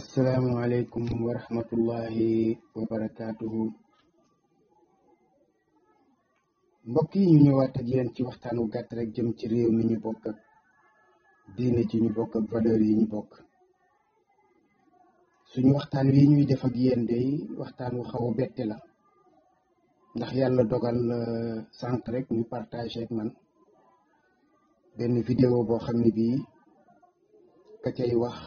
asalaamualeykum wa rahmatullahi wa barakaatuhu mbokk yi ñu ñëwaat ak yéen ci waxtaan wu gàtt rek jëm ci réew mi ñu bokk ak diine ci ñu bokk ak valeur yi ñu bokk suñu waxtaan wi ñuy def ak day waxtaan wu xaw a bette la ndax yàlla dogal sànq rek ñu partagé ak man benn vidéo boo xam ne bii ka cay wax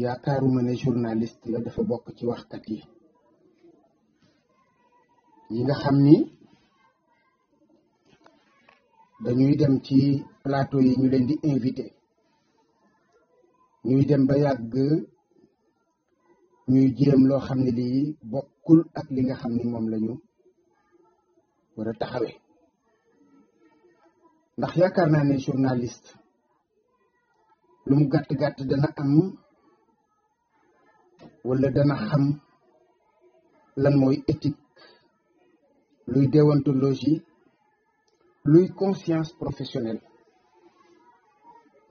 yaakaaruma ne journaliste la dafa bokk ci waxkat yi yi nga xam ni dañuy dem ci plateau yi ñu leen di invité ñuy dem ba yàgg ñuy jéem loo xam ne lii bokkul ak li nga xam ni moom lañu war a taxawee ndax yaakaar naa ne journaliste lu mu gàtt gàtt dana am wala dana xam lan mooy éthique luy déontologie luy conscience professionnelle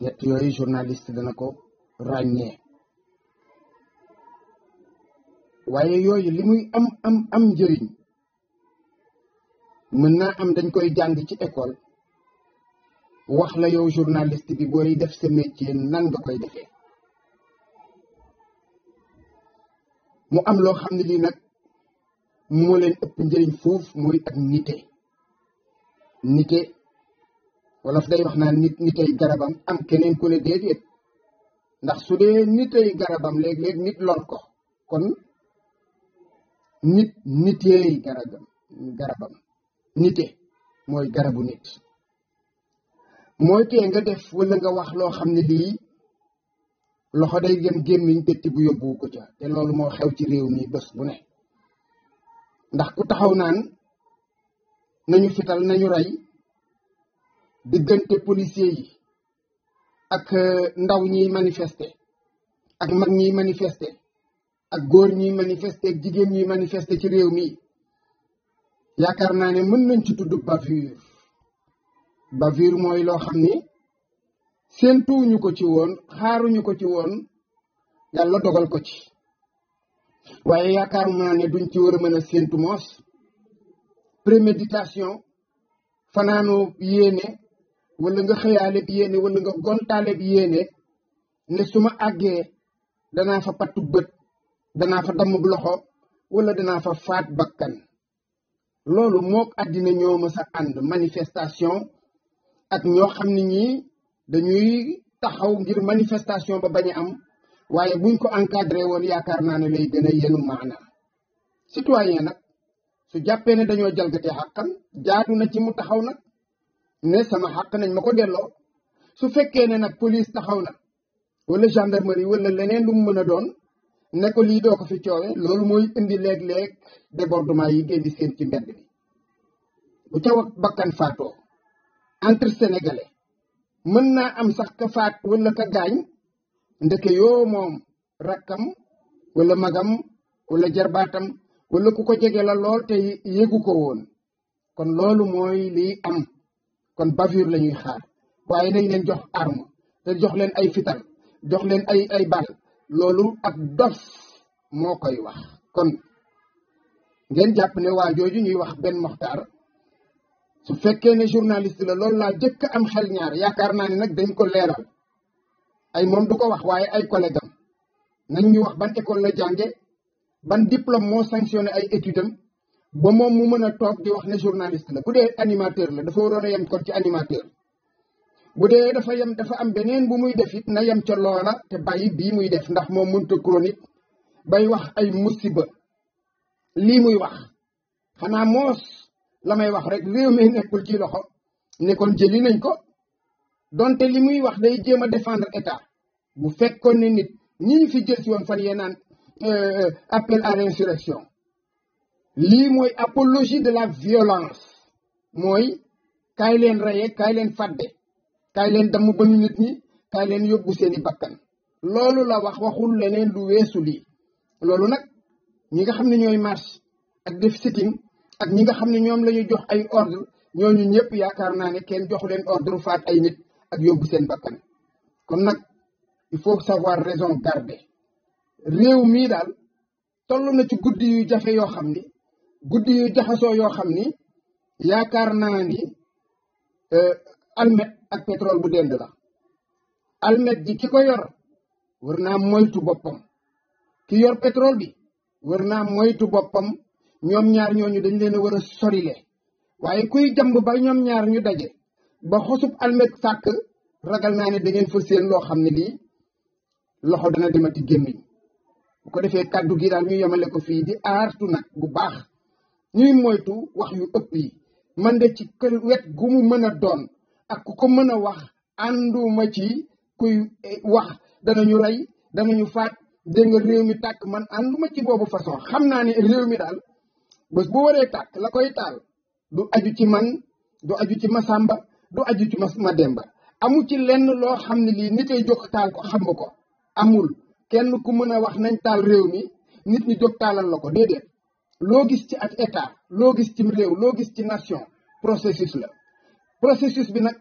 ñett yooyu journaliste dana ko ràññee waaye yooyu li muy am am am njëriñ mën naa am dañ koy jàng ci école wax la yow journaliste bi booy def sa métier nan nga koy defee mu am loo xam ne lii nag moo leen ëpp njëriñ foofu mooy ak nite nite wolof day wax naa nit nitay garabam am keneen ku ne déedéet ndax su dee nitay garabam léeg-léeg nit lor ko kon nit niteey garabam garabam nite mooy garabu nit mooy tee nga def wala nga wax loo xam ne lii loxo day dem gémmiñ tétti bu yóbbu ko ca te loolu moo xew ci réew mii bés bu ne ndax ku taxaw naan nañu fital nañu rey diggante policier yi ak euh, ndaw ñiy manifester ak mag ñiy manifester ak góor ñiy manifester ak jigéen ñiy manifester ci réew mi yaakaar naa ne mën nañ ci tudd bavure bavure mooy loo xam ni séentuwuñu ko ci woon xaaruñu ko ci woon yàlla dogal ko ci waaye yaakaar naa ne duñ ci war a mën a séentu moos préméditation fanaanoo yéene wala nga xëyaale bi yéene wala nga gontaale bi yéene ne su ma àggee danaa fa pattu bët danaa fa dammub loxo wala danaa fa faat bakkan loolu mook àddina ñoo sa ànd manifestation ak ñoo xam ne ñii dañuy taxaw ngir manifestation ba bañ am waaye buñ ko encadré woon yaakaar naa ne lay gën a yenu maana citoyen nag su jàppee ne dañoo jalgatee xàqam jaatu na ci mu taxaw nag ne sama xàq nañ ma ko delloo su fekkee ne nag police taxaw na wala gendarmerie wala leneen lu mu mën a doon ne ko lii doo ko fi coowe loolu mooy indi léeg-léeg débordement yi ngeen di seen ci mbedd bi bu ca bakkan faatoo entre sénégalais mën naa am sax ka faat wala ka gaañ ndeke yoo moom rakkam wala magam wala jarbaatam wala ku ko jege la lool te yëgu ko woon kon loolu mooy liy am kon bavure lañuy ñuy xaar waaye nañ leen jox arme te jox leen ay fital jox leen ay ay loolu ak dof moo koy wax kon ngeen jàpp ne waa jooju ñuy wax benn moxtaar su fekkee ne journaliste la loolu laa jëkk am xel ñaar yaakaar naa ne nag dañ ko leeral ay moom du ko wax waaye ay collègue am nañ ñu wax ban école la jànge ban diplôme moo sanctionné ay étude am ba moom mu mën a toog di wax ne journaliste la bu dee animateur la dafa waroon a yem kon ci animateur bu dee dafa yem dafa am beneen bu muy def it na yem ca loola te bàyyi bii muy def ndax moom mënta chronique bay wax ay musiba lii muy wax xanaa moos la may wax rek réew mi nekkul ci loxo ne kon jëli nañ ko donte li muy wax day jéem a défendre état bu fekkoon ne nit ñi fi jël yoon woon fan yee euh, appel à l'insurrection lii mooy apologie de la violence mooy kaay leen reye kaay leen fàdde kaay leen damm ba nit ñi kaay leen yóbbu seeni bakkan loolu la wax waxul leneen lu weesu lii loolu nag ñi nga xam ne ñooy marche ak def sitting ak ñi nga xam ne ñoom la ñu jox ay ordre ñooñu ñëpp yaakaar naa ne kenn joxu leen ordre faat ay nit ak yóbbu seen bakkan kon nag il faut savoir raison garder réew mii daal toll na ci guddi yu jafe yoo xam ni guddi yu jaxasoo yoo xam ni yaakaar naa ni euh, almet ak pétrole bu dend la almet ji ki ko yor war naa moytu boppam ki yor pétrole bi war naa moytu boppam ñoom ñaar ñooñu dañ leen a war a sorile waaye kuy jamb ba ñoom ñaar ñu daje ba xosub almet fàkk ragal naa ne dangeen ngeen fa loo xam ne lii loxo dana demati gémmiñ bu ko defee kàddu gi daal ñu yemale ko fii di aartu nag bu baax ñuy moytu wax yu ëpp yi man de ci kër wet gu mu mën a doon ak ku ko mën a wax ànduma ci kuy eh, wax ñu rey danañu faat dégg nga réew mi tàkk man ànduma ci boobu façon xam naa ne réew mi daal bés bu waree tàkk la koy taal du aju ci man du aju ci Masamba du aju ci Mademba amul ci lenn loo xam ne lii ni koy jóg taal ko xam ko amul kenn ku mën a wax nañ taal réew mi nit ñi jóg taalal la ko déedéet loo gis ci ak état loo gis ci réew loo gis ci nation processus la processus bi nag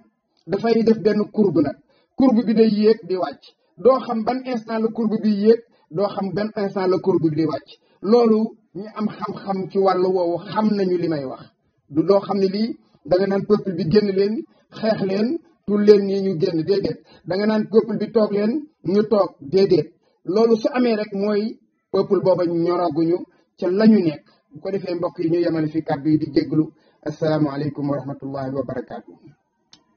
dafay def benn courbe nag courbe bi day yéeg di wàcc doo xam ban instant la courbe bi yéeg doo xam ban instant la courbe bi di wàcc loolu ñu am xam-xam ci wàll woowu xam nañu li may wax du loo xam ne lii da nga naan peuple bi génn leen xeex leen tul leen nii ñu génn déedéet da nga naan peuple bi toog leen ñu toog déedéet loolu su amee rek mooy peuple booba ñoraguñu ca la ñu nekk bu ko defee mbokk yi ñu yemale fi kàddu yi di jéglu asalaamaaleykum wa rahmatullahi wa barakaatu.